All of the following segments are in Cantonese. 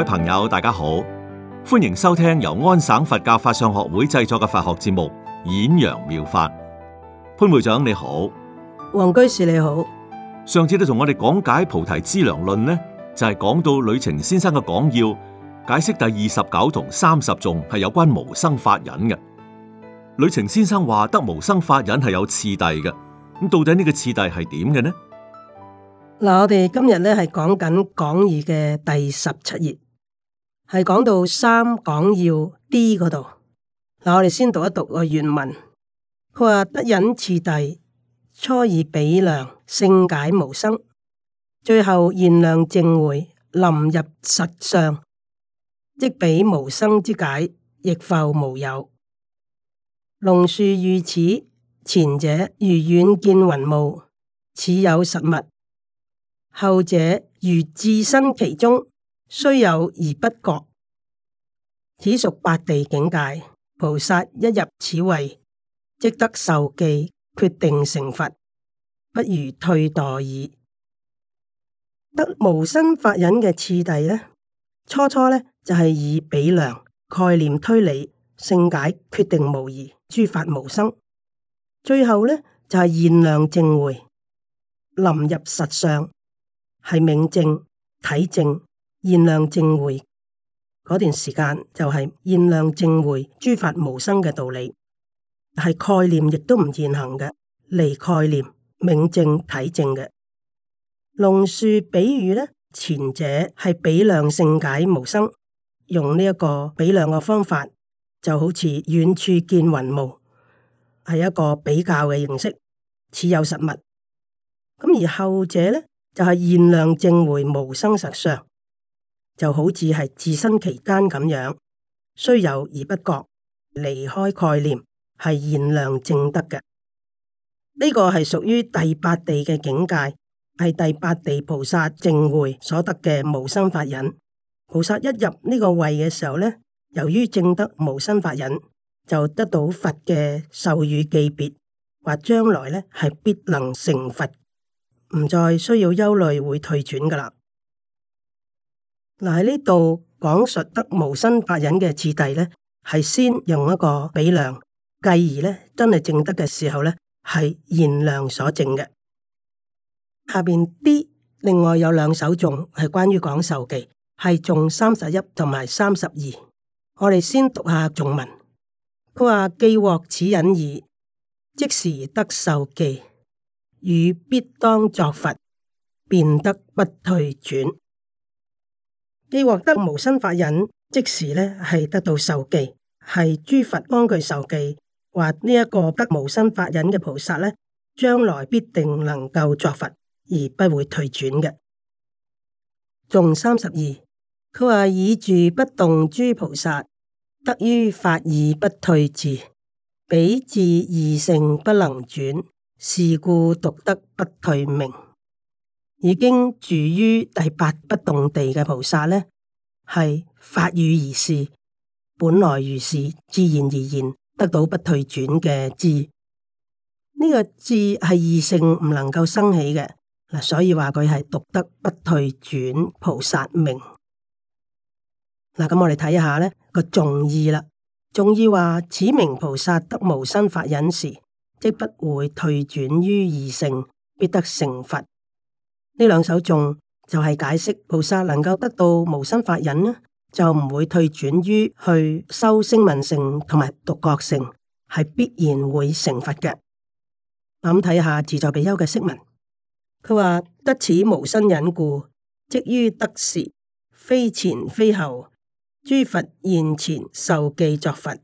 各位朋友，大家好，歡迎收聽由安省佛教法相學會製作嘅佛學節目《演揚妙，妙法》。潘會長你好，王居士你好。上次都同我哋講解《菩提資糧論》呢，就係、是、講到呂程先生嘅講要解釋第二十九同三十頌，係有關無生法忍嘅。呂程先生話得無生法忍係有次第嘅，咁到底呢個次第係點嘅呢？嗱，我哋今日呢係講緊講義嘅第十七頁。係講到三講要 D 嗰度，嗱，我哋先讀一讀個原文。佢話 得忍次第，初以比量勝解無生，最後現量正會臨入實相，即比無生之解，亦復無有。龍樹於此，前者如遠見雲霧，似有實物；後者如置身其中。須有而不覺，此屬八地境界。菩薩一入此位，即得受記，決定成佛，不如退墮矣。得無生法忍嘅次第咧，初初咧就係、是、以比量概念推理性解決定無疑，諸法無生。最後咧就係、是、現量正會，臨入實相，係明正體正。現量正回嗰段時間就係現量正回諸法無生嘅道理，係概念亦都唔現行嘅，離概念明正體正嘅。龍樹比喻呢，前者係比量性解無生，用呢一個比量嘅方法，就好似遠處見雲霧，係一個比較嘅形式，似有實物。咁而後者呢，就係、是、現量正回無生實相。就好似係置身其間咁樣，雖有而不覺，離開概念係現量正德嘅。呢個係屬於第八地嘅境界，係第八地菩薩正會所得嘅無生法忍。菩薩一入呢個位嘅時候，呢由於正德無生法忍，就得到佛嘅授予記別，話將來呢係必能成佛，唔再需要憂慮會退轉噶啦。嗱，呢度講述得無生法忍嘅次第咧，係先用一個比量，繼而咧真係證得嘅時候咧，係現量所證嘅。下邊 D 另外有兩首頌係關於講授記，係頌三十一同埋三十二。我哋先讀下頌文。佢話既獲此忍已，即時得授記，汝必當作佛，便得不退轉。既獲得無生法忍，即時咧係得到授記，係諸佛幫佢授記，話呢一個得無生法忍嘅菩薩呢，將來必定能夠作佛，而不會退轉嘅。頌三十二，佢話以住不動諸菩薩，得於法而不退智，彼智二性不能轉，是故獨得不退名。已經住於第八不動地嘅菩薩呢，係法爾如是，本來如是，自然而然得到不退轉嘅智。呢、這個智係異性唔能夠生起嘅，嗱，所以話佢係獨得不退轉菩薩名，嗱。咁我哋睇一下呢、這個眾義啦。眾義話：此名菩薩得無生法忍時，即不會退轉於異性，必得成佛。呢兩首頌就係解釋菩薩能夠得到無生法忍呢，就唔會退轉於去修聲聞乘同埋獨覺乘，係必然會成佛嘅。咁睇下自在比丘嘅釋文，佢話得此無生忍故，即於得時，非前非後，諸佛現前受記作佛，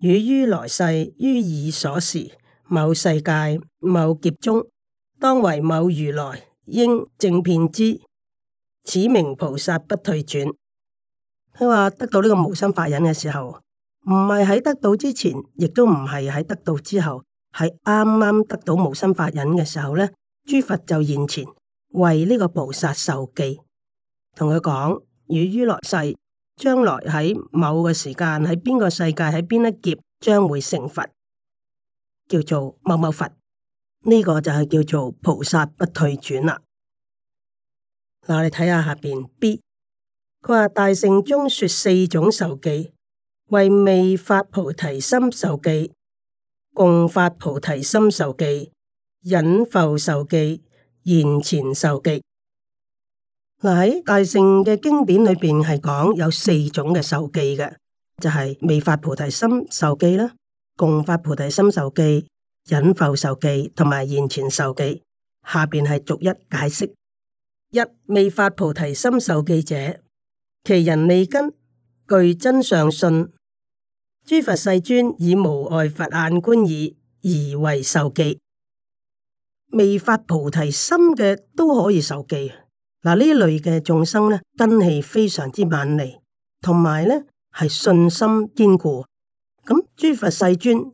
與於來世，於爾所時，某世界某劫中，當為某如來。應正遍知，此名菩薩不退轉。佢話得到呢個無生法忍嘅時候，唔係喺得到之前，亦都唔係喺得到之後，喺啱啱得到無生法忍嘅時候呢，諸佛就現前為呢個菩薩授記，同佢講，汝於來世，將來喺某個時間，喺邊個世界，喺邊一劫，將會成佛，叫做某某佛。呢個就係叫做菩薩不退轉啦。嗱，你睇下下邊 B，佢話大乘中說四種授記，為未發菩提心授記、共發菩提心授記、隱覆授記、現前授記。嗱，喺大乘嘅經典裏邊係講有四種嘅授記嘅，就係未發菩提心授記啦，共發菩提心授記。隱覆受記同埋現前受記，下邊係逐一解釋。一未發菩提心受記者，其人利根，具真相信，諸佛世尊以無礙佛眼觀已而為受記。未發菩提心嘅都可以受記。嗱呢一類嘅眾生呢，根器非常之猛利，同埋呢係信心堅固。咁諸佛世尊。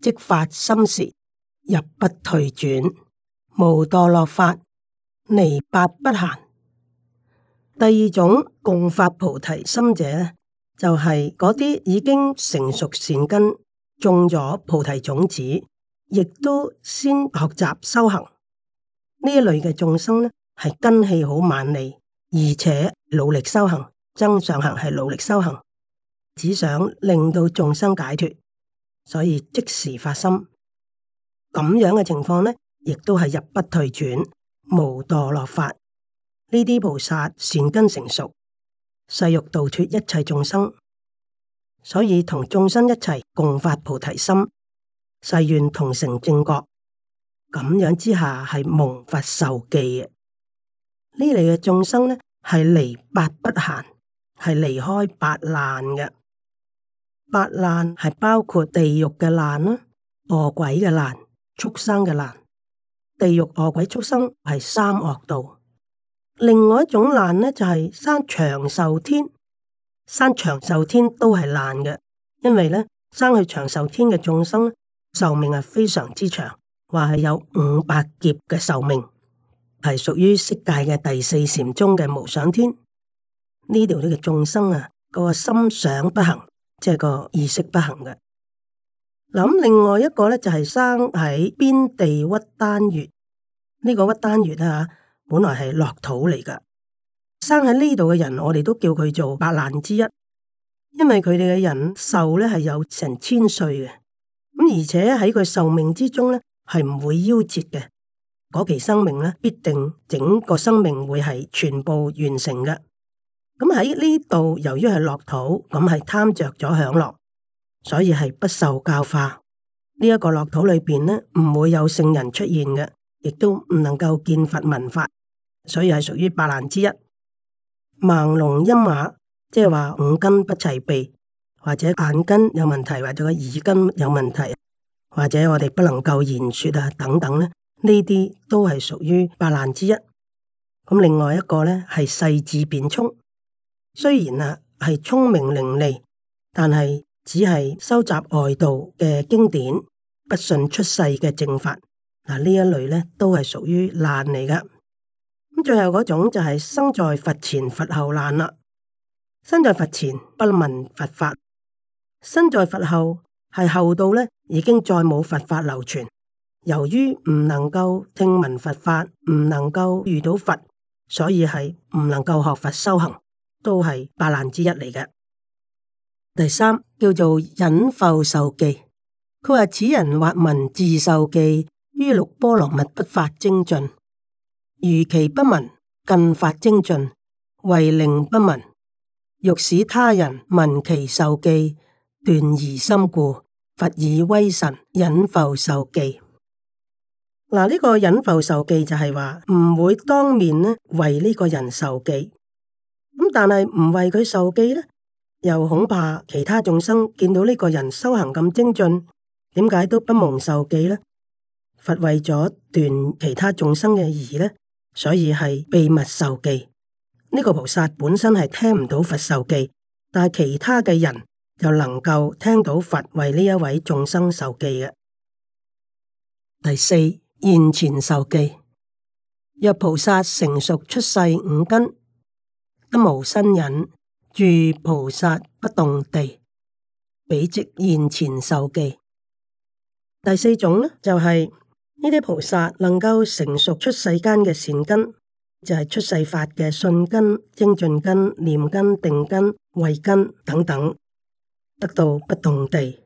即發心時，入不退轉，無墮落法，泥巴不閒。第二種共發菩提心者就係嗰啲已經成熟善根，種咗菩提種子，亦都先學習修行呢一類嘅眾生咧，係根氣好猛利，而且努力修行，增上行係努力修行，只想令到眾生解脫。所以即時發心，咁樣嘅情況呢，亦都係入不退轉、無墮落法，呢啲菩薩善根成熟，誓欲度脫一切眾生，所以同眾生一齊共發菩提心，誓願同成正覺。咁樣之下係蒙佛授記嘅，呢嚟嘅眾生呢係離八不閒，係離開八難嘅。八難係包括地獄嘅難啦，餓鬼嘅難，畜生嘅難。地獄、餓鬼、畜生係三惡道。另外一種難呢，就係、是、生長壽天，生長壽天都係難嘅，因為呢，生去長壽天嘅眾生壽命係非常之長，話係有五百劫嘅壽命，係屬於色界嘅第四禪中嘅無想天。呢度呢個眾生啊，個，個心想不行。即係個意識不行嘅。嗱咁，另外一個呢，就係生喺邊地鬱單越呢、這個鬱單越啊，本來係樂土嚟㗎。生喺呢度嘅人，我哋都叫佢做八難之一，因為佢哋嘅人壽呢係有成千歲嘅。咁而且喺佢壽命之中呢，係唔會夭折嘅。嗰期生命呢，必定整個生命會係全部完成嘅。咁喺呢度，由於係樂土，咁係貪着咗享樂，所以係不受教化。呢、這、一個樂土裏邊呢，唔會有聖人出現嘅，亦都唔能夠見佛聞法，所以係屬於八難之一。盲聾瘖啞，即係話五根不齊備，或者眼根有問題，或者耳根有問題，或者我哋不能夠言說啊等等咧，呢啲都係屬於八難之一。咁另外一個呢，係世智辯聰。雖然啊係聰明伶俐，但係只係收集外道嘅經典，不信出世嘅正法，嗱，呢一類咧都係屬於難嚟㗎。咁最後嗰種就係生在佛前佛後難啦。身在佛前不聞佛法，身在佛後係後道咧，已經再冇佛法流傳。由於唔能夠聽聞佛法，唔能夠遇到佛，所以係唔能夠學佛修行。都係八難之一嚟嘅。第三叫做隱伏受記，佢話此人或聞自受記於六波羅蜜不發精進，如其不聞，更發精進，為令不聞。欲使他人聞其受記，斷疑心故，佛以威神隱伏受記。嗱、啊，呢、呢個隱伏受記就係話唔會當面呢為呢個人受記。咁但係唔為佢授記呢？又恐怕其他眾生見到呢個人修行咁精進，點解都不蒙授記呢？佛為咗斷其他眾生嘅疑呢，所以係秘密授記。呢、這個菩薩本身係聽唔到佛授記，但係其他嘅人就能夠聽到佛為呢一位眾生授記嘅。第四現前授記，若菩薩成熟出世五根，得無生忍住菩薩不動地，彼即現前授記。第四種呢，就係呢啲菩薩能夠成熟出世間嘅善根，就係、是、出世法嘅信根、精進根、念根、定根、慧根等等，得到不動地。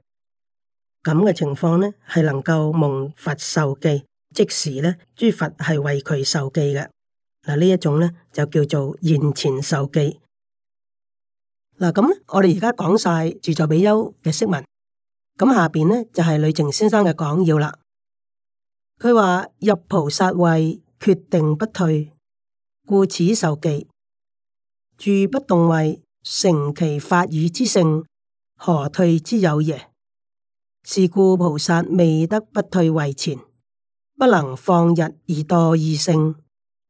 咁嘅情況呢，係能夠蒙佛授記，即時呢，諸佛係為佢授記嘅。嗱，呢一種咧就叫做現前受記。嗱，咁咧，我哋而家講晒住在比丘嘅釋文。咁下邊咧就係呂澂先生嘅講要啦。佢話：入菩薩位，決定不退，故此受記住不動位，成其法爾之性，何退之有耶？是故菩薩未得不退位前，不能放日而墮二性。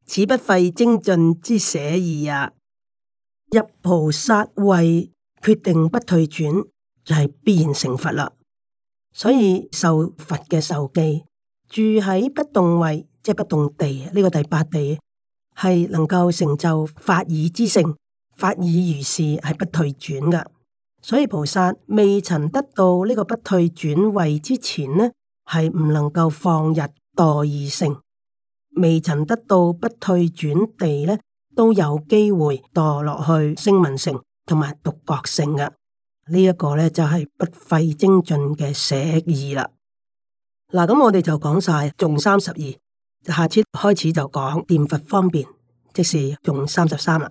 此不費精進之捨意也。入菩薩位，決定不退轉，就係、是、必然成佛啦。所以受佛嘅授記，住喺不動位，即不動地呢、這個第八地係能夠成就法爾之性，法爾如是,是，係不退轉噶。所以菩薩未曾得到呢個不退轉位之前呢，係唔能夠放入多二乘。未曾得到不退轉地呢，都有機會墮落去聲聞乘同埋獨覺乘嘅。呢、這、一個呢，就係、是、不費精進嘅舍意啦。嗱，咁我哋就講晒，仲三十二，下次開始就講念佛方便，即是用三十三啦。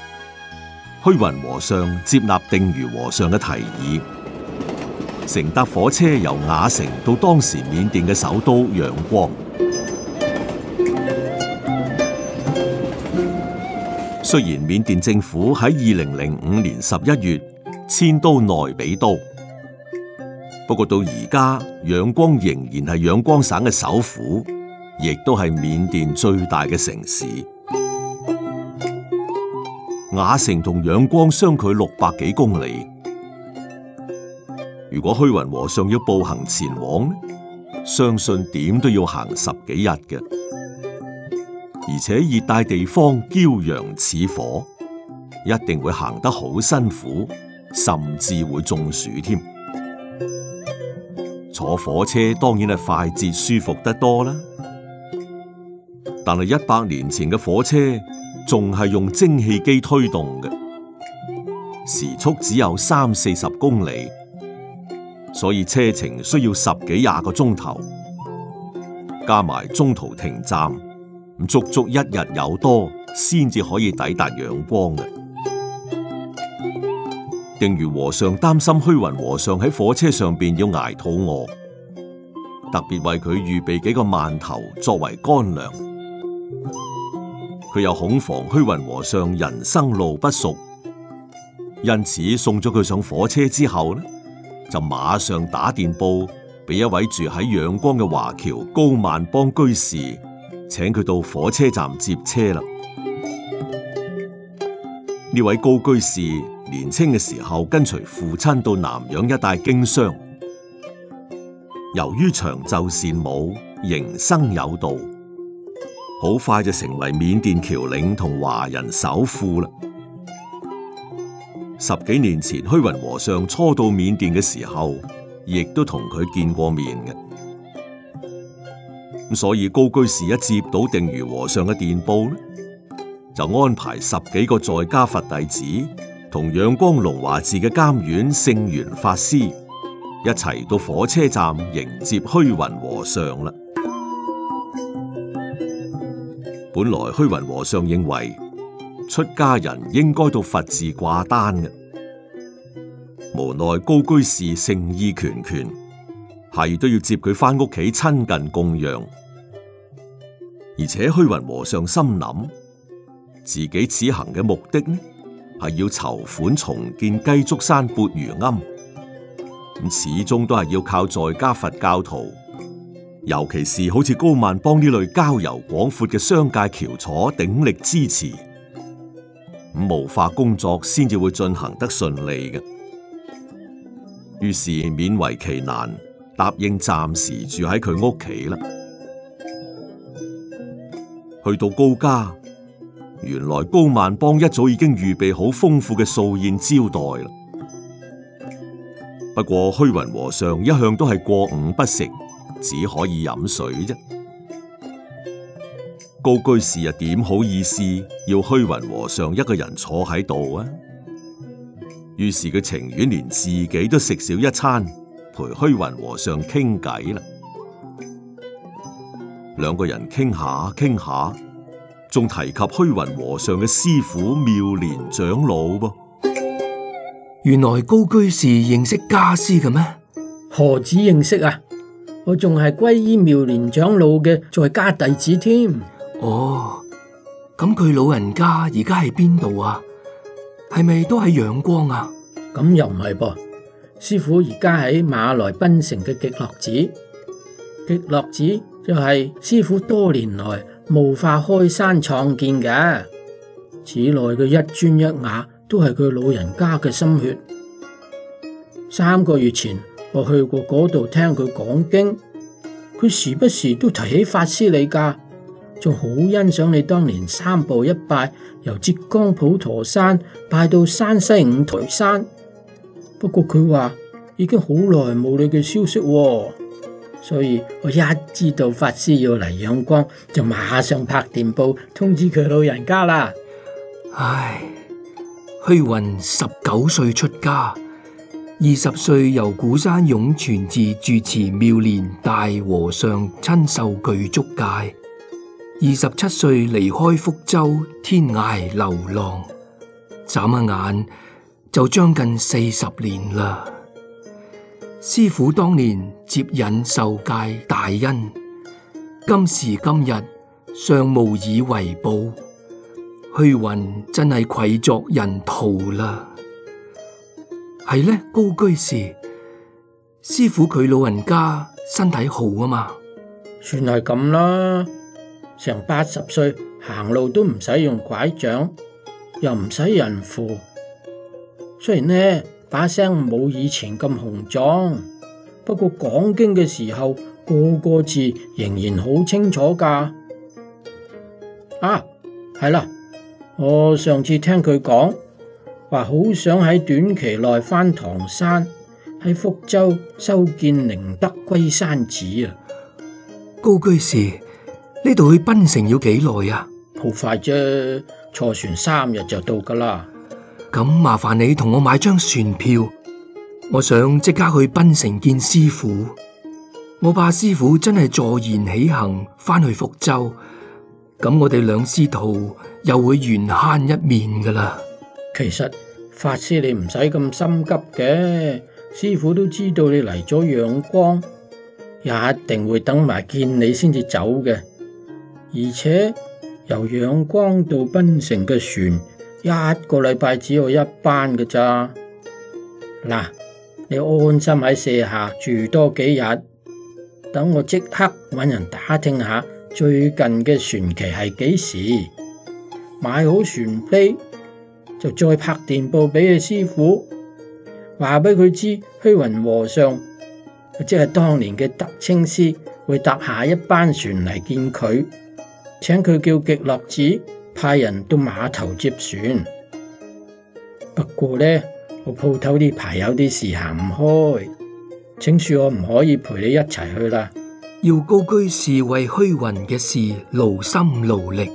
虛雲和尚接納定如和尚嘅提議，乘搭火車由雅城到當時緬甸嘅首都仰光。雖然緬甸政府喺二零零五年十一月遷都內比都，不過到而家仰光仍然係仰光省嘅首府，亦都係緬甸最大嘅城市。瓦城同仰光相距六百幾公里，如果虛雲和尚要步行前往，相信點都要行十幾日嘅，而且熱帶地方驕陽似火，一定會行得好辛苦，甚至會中暑添。坐火車當然係快捷舒服得多啦，但係一百年前嘅火車。仲係用蒸汽機推動嘅，時速只有三四十公里，所以車程需要十幾廿個鐘頭，加埋中途停站，足足一日有多，先至可以抵達仰光嘅。正如和尚擔心虛雲和尚喺火車上邊要挨肚餓，特別為佢預備幾個饅頭作為乾糧。佢又恐防虛雲和尚人生路不熟，因此送咗佢上火車之後呢，就馬上打電報俾一位住喺仰光嘅華僑高萬邦居士，請佢到火車站接車啦。呢位高居士年青嘅時候跟隨父親到南洋一帶經商，由於長袖善舞，營生有道。好快就成為緬甸僑領同華人首富啦！十幾年前虛雲和尚初到緬甸嘅時候，亦都同佢見過面嘅。咁所以高居士一接到定如和尚嘅電報呢，就安排十幾個在家佛弟子同仰光龍華寺嘅監院聖元法師一齊到火車站迎接虛雲和尚啦。本來虛雲和尚認為出家人應該到佛寺掛單嘅，無奈高居士誠意拳拳，係都要接佢翻屋企親近供養。而且虛雲和尚心諗，自己此行嘅目的呢，係要籌款重建雞足山鉢盂庵，咁始終都係要靠在家佛教徒。尤其是好似高萬邦呢類交遊廣闊嘅商界翹楚，鼎力支持，咁募化工作先至會進行得順利嘅。於是勉為其難答應暫時住喺佢屋企啦。去到高家，原來高萬邦一早已經預備好豐富嘅素宴招待啦。不過虛雲和尚一向都係過午不食。只可以飲水啫。高居士又點好意思要虛雲和尚一個人坐喺度啊？於是佢情願連自己都食少一餐，陪虛雲和尚傾偈啦。兩個人傾下傾下，仲提及虛雲和尚嘅師傅妙蓮長老噃、啊。原來高居士認識家師嘅咩？何止認識啊！我仲係歸依妙蓮長老嘅在家弟子添。哦，咁佢老人家而家喺邊度啊？係咪都喺陽光啊？咁又唔係噃，師傅而家喺馬來檳城嘅極樂寺。極樂寺就係師傅多年來無法開山創建嘅，此內嘅一磚一瓦都係佢老人家嘅心血。三個月前。我去過嗰度聽佢講經，佢時不時都提起法師你噶，仲好欣賞你當年三步一拜由浙江普陀山拜到山西五台山。不過佢話已經好耐冇你嘅消息，所以我一知道法師要嚟仰光，就馬上拍電報通知佢老人家啦。唉，虛雲十九歲出家。二十歲由古山湧泉寺住持妙蓮大和尚親授具足戒，二十七歲離開福州天涯流浪，眨一眼就將近四十年啦。師傅當年接引受戒大恩，今時今日尚無以為報，虛雲真係愧作人徒啦。係呢，高居士，師傅佢老人家身體好啊嘛？算係咁啦，成八十歲行路都唔使用用拐杖，又唔使人扶，雖然呢把聲冇以前咁雄壯，不過講經嘅時候個個字仍然好清楚㗎。啊，係啦，我上次聽佢講。話好想喺短期內翻唐山，喺福州修建寧德龜山寺啊！高居士，呢度去檳城要幾耐啊？好快啫，坐船三日就到噶啦。咁麻煩你同我買張船票，我想即刻去檳城見師傅。我怕師傅真係坐言起行翻去福州，咁我哋兩師徒又會緣慳一面噶啦。其實法師你唔使咁心急嘅，師傅都知道你嚟咗陽光，也一定會等埋見你先至走嘅。而且由陽光到檳城嘅船一個禮拜只有一班㗎咋。嗱，你安心喺舍下住多幾日，等我即刻揾人打聽下最近嘅船期係幾時，買好船票。就再拍電報俾佢師傅，話俾佢知虛雲和尚，即係當年嘅德清師，會搭下一班船嚟見佢，請佢叫極樂寺派人到碼頭接船。不過呢，我鋪頭呢排有啲事行唔開，請恕我唔可以陪你一齊去啦。要高居士為虛雲嘅事勞心勞力，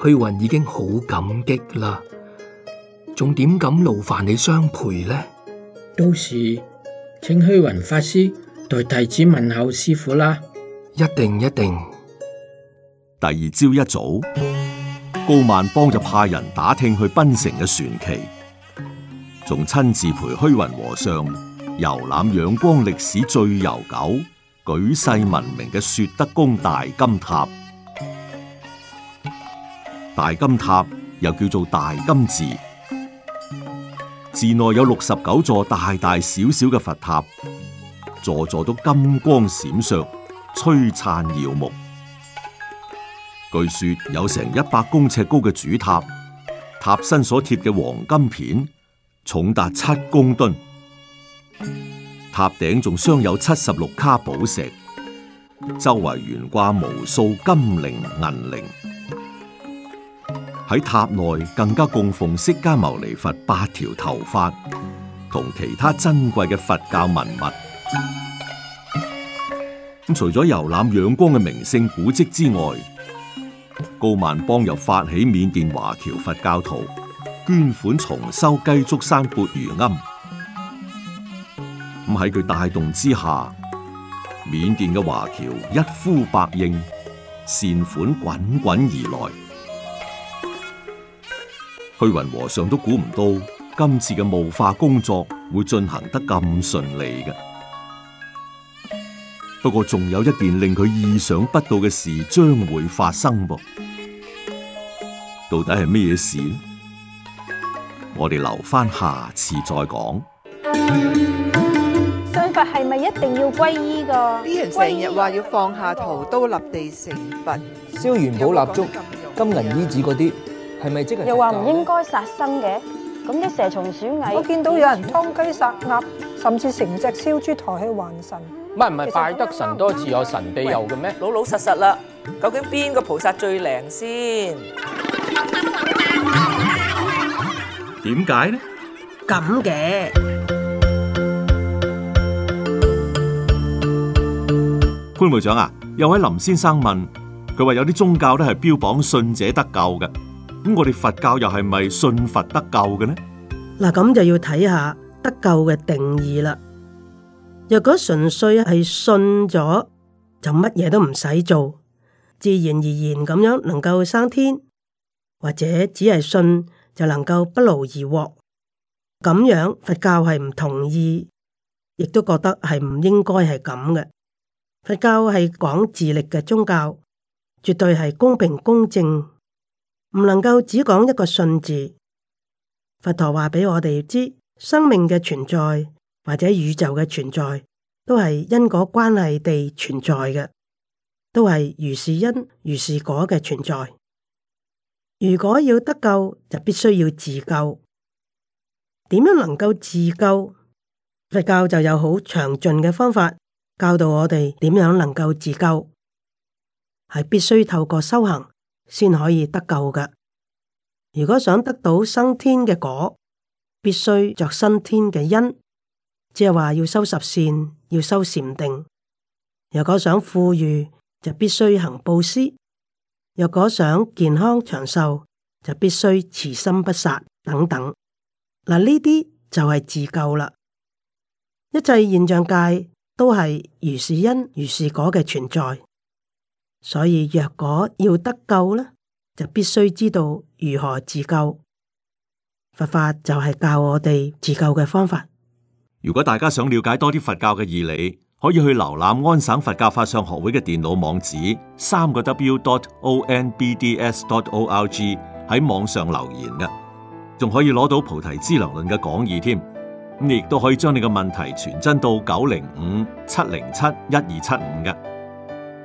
虛雲已經好感激啦。仲點敢勞煩你相陪呢？到時請虛雲法師代弟子問候師傅啦。一定一定。第二朝一早，高曼幫就派人打聽去檳城嘅船期，仲親自陪虛雲和尚遊覽仰光歷史最悠久、舉世聞名嘅雪德公大金塔。大金塔又叫做大金寺。寺內有六十九座大大小小嘅佛塔，座座都金光閃爍、璀璨耀目。據說有成一百公尺高嘅主塔，塔身所貼嘅黃金片重達七公噸，塔頂仲鑲有七十六卡寶石，周圍懸掛無數金鈴、銀鈴。喺塔內更加供奉釋迦牟尼佛八條頭髮同其他珍貴嘅佛教文物。咁 除咗遊覽仰光嘅名勝古蹟之外，高曼邦又發起緬甸華僑佛教徒捐款重修雞足山缽盂庵。咁喺佢帶動之下，緬甸嘅華僑一呼百應，善款滾滾而來。虛雲和尚都估唔到今次嘅霧化工作會進行得咁順利嘅，不過仲有一件令佢意想不到嘅事將會發生噃。到底係咩事？我哋留翻下，下次再講。信佛係咪一定要皈依噶？啲人成日話要放下屠刀立地成佛，燒元寶蠟燭、有有金銀衣紙嗰啲。係咪即係？又話唔應該殺生嘅，咁啲蛇蟲鼠蟻，我見到有人劏雞殺鴨，甚至成隻燒豬抬去還神。唔係唔係，拜得神多自有神庇佑嘅咩？老老實實啦，究竟邊個菩薩最靈先？點解呢？咁嘅，潘會長啊，有位林先生問，佢話有啲宗教都係標榜信者得救嘅。咁我哋佛教又係咪信佛得救嘅呢？嗱，咁就要睇下得救嘅定義啦。若果純粹係信咗，就乜嘢都唔使做，自然而然咁樣能夠生天，或者只係信就能夠不勞而獲，咁樣佛教係唔同意，亦都覺得係唔應該係咁嘅。佛教係講自力嘅宗教，絕對係公平公正。唔能夠只講一個信字，佛陀話俾我哋知，生命嘅存在或者宇宙嘅存在，都係因果關係地存在嘅，都係如是因如是果嘅存在。如果要得救，就必須要自救。點樣能夠自救？佛教就有好詳盡嘅方法教導我哋點樣能夠自救，係必須透過修行。先可以得救嘅。如果想得到生天嘅果，必須作生天嘅因，即係話要修十善，要修禪定。若果想富裕，就必須行布施；若果想健康長壽，就必須慈心不殺等等。嗱，呢啲就係自救啦。一切現象界都係如是因如是果嘅存在。所以若果要得救呢，就必須知道如何自救。佛法就係教我哋自救嘅方法。如果大家想了解多啲佛教嘅義理，可以去瀏覽安省佛教法相學會嘅電腦網址，三個 W dot O N B D S dot O R G 喺網上留言嘅，仲可以攞到菩提資糧論嘅講義添。咁亦都可以將你嘅問題傳真到九零五七零七一二七五嘅。